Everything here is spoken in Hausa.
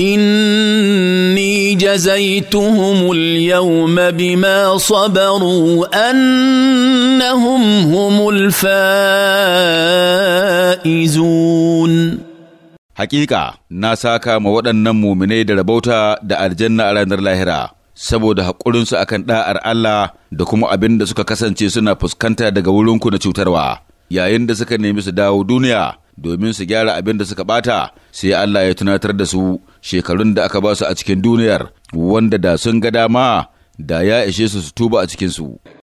اني جزيتهم اليوم بما صبروا انهم هم الفائزون Hakika na saka ma waɗannan muminai da rabauta da aljanna a ranar lahira saboda haƙurinsu a kan ɗa'ar Allah da kuma abin da suka kasance suna fuskanta daga wurinku na cutarwa yayin da suka nemi su dawo duniya domin su gyara abin da suka ɓata sai Allah ya tunatar da su shekarun da aka ba su a cikin duniyar wanda da sun ga dama da ya ishe su su tuba a cikinsu.